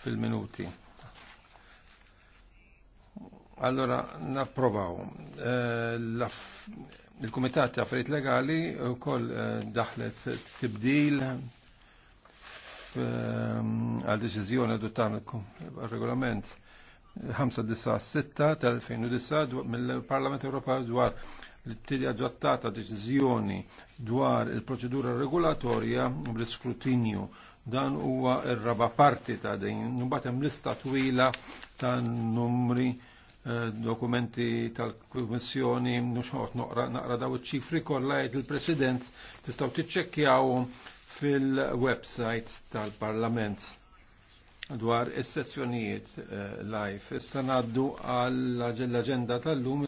fil-minuti. Allora, napprovaw. Eh, Il-Kumitat ta' Affarijiet Legali wkoll eh, daħlet tibdil eh, għal deċiżjoni adottan regolament 596 tal-2009 mill-Parlament Ewropa dwar li tiedi adottata deċiżjoni dwar il-proċedura regolatorja bl-iskrutinju. Dan huwa r-raba parti ta' din. Mbagħad hemm lista twila ta' numri eh, dokumenti tal-Kummissjoni nuxħot naqra daw iċ-ċifri kollha il-President tistgħu tiċċekkjawhom fil-website tal-Parlament dwar is-sessjonijiet eh, live. Issa ngħaddu għall-aġenda tal-lum